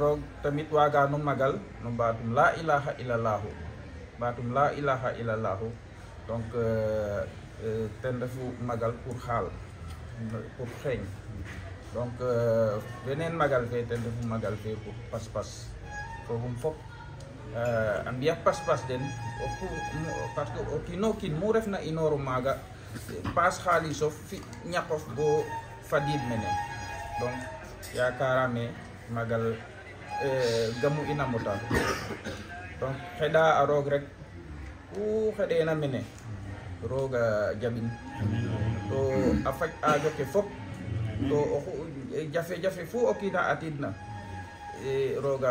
Rog tamit waga nu magal nu batum la ilaha illallah batum la ilaha illallah donc eh, eh, ten dafu magal pour xal pour xeeñ donc eh, benen magal fe ten dafu magal fe pour pas-pas fogum fop pas-pas den parce que o kiino kiin mu refna inooru maaga paas xaalisof fi ñakof bo fadid menen donc karame. magal eh, gamu i namuta donc xeɗa a roog rek ku xeɗena mene rooga jaɓin to a faj aajo ke fop to eh, jafe jafe fu o kiina atiidna eh, rooga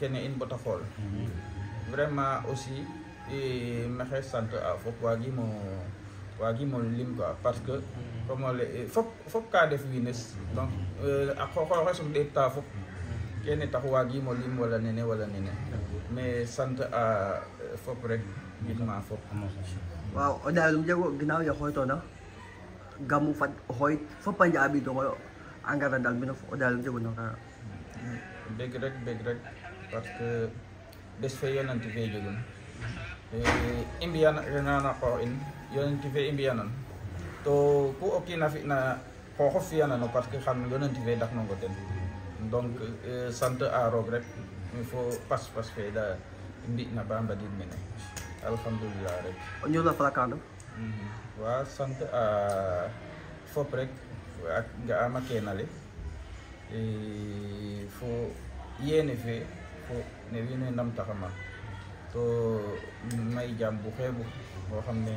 kene in bata xool vraiment aussi maxey sant a fop waagimo waa kii moom lim quoi parce que mm. comme eh, fop fop ka def wiines mm. donc a qoxooxe sum ɗeeta fop mm. kene tax waagiimo lim wala nene wala nene mais sant a euh, fop rek gidma fop waaw o ɗaelum jego ginaaw ye gamu fad o fop a nja'a ɓiidongoyo a ngara ndal mbinof o ɗaelum jeguna kaaga bég rek bég rek parce que bes fe yonante fe jegun Eh, i mbiya renana ko in yon tive i to ku ko ko fi na no parce que xam kan, yonenti fe daknongo ten donc eh, sante a roog rek il faut pas pas fe da indi na ba mbadiid mene alhamdulillah rek o ñëw la flakando wa sante a fo break ak kenale e eh, fo yene fe fo ne wiin nam takama to may jambu bu xeebu boo xam ne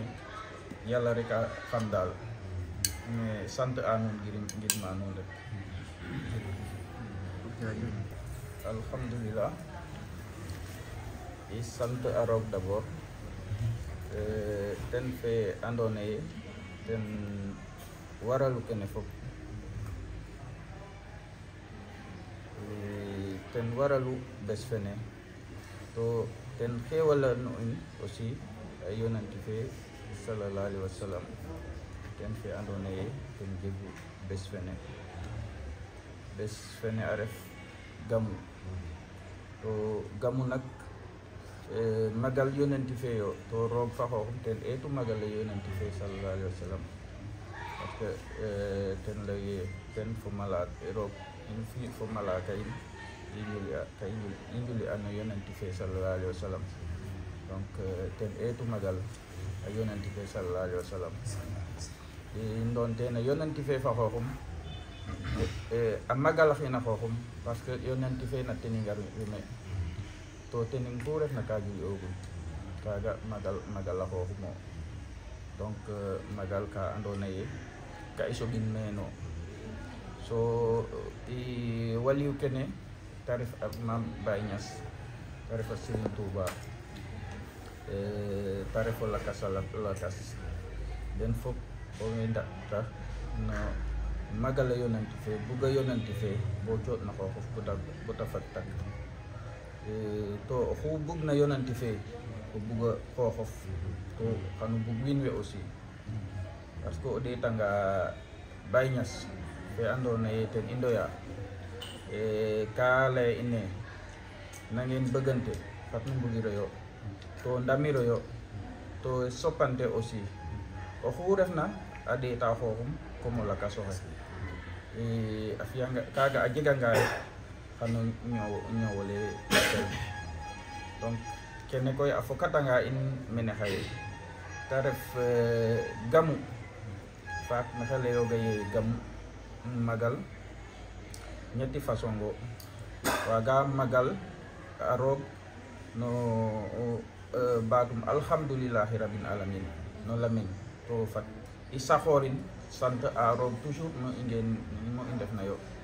rek xam dal ne sante aanoon ngir ngir manu rek alhamdulillah is sante a euh ten fe Andone, ten waralu kene fop ten waralu besfene to ten hewallano on aussi e yonanti fe sallallah alih wa sallam ten fe andonaye ten jegu bes fene bes fene a ref gamu to gamu nak magal yonanti fe yo to roog fa xooxum ten eetu magal le yonanti fe sallallah alih wa sallam parce que ten leye ten fo malaat roog in fi fo malaaka in injuli ka injuli injuli anno yonanti fe sallallahu alaihi wasallam donc eh, ten etu eh, magal a yonanti fe sallallahu alaihi wasallam e eh, ndon tena yonanti fe fa xoxum e a magal xina xoxum parce que yonanti fe na teningar me to tening ku refna ka juli ogum kaga magal magal a mo, donc magal ka andone ye ka isogin meno, so i waliw kene tarif eh, ak baynas tarif Niass eh, tarifa Serigne Touba tarifa lakas lakas den fof o oh, wi daɓɓata na magala yonanti fe buga yonanti fe bo coɗno ko fof bota fattak eh, to oxu na yonanti fe o to kanu bugwin wiin we aussi parce que o ɗeetanga Baye Niass fe ando na ten indo ya Eh, kaalaye inne nangeen bëggante fat nu mbugiroyo to ndamiroyo to soppante aussi oxu refna a ɗeeta xooxum comme o lakas oxe a fiyanga kaaga a nga xano ñoow ñoowole don kene koy a fokatanga in mene hay ta ref eh, gamu fat na layoga ye gamu magal ñetti façon go waga magal a roog no euh, batum alhamdulilahi rabbil alamin no lamin to fat i saxorin sant a roog toujours no i ngeen no i ndef na yo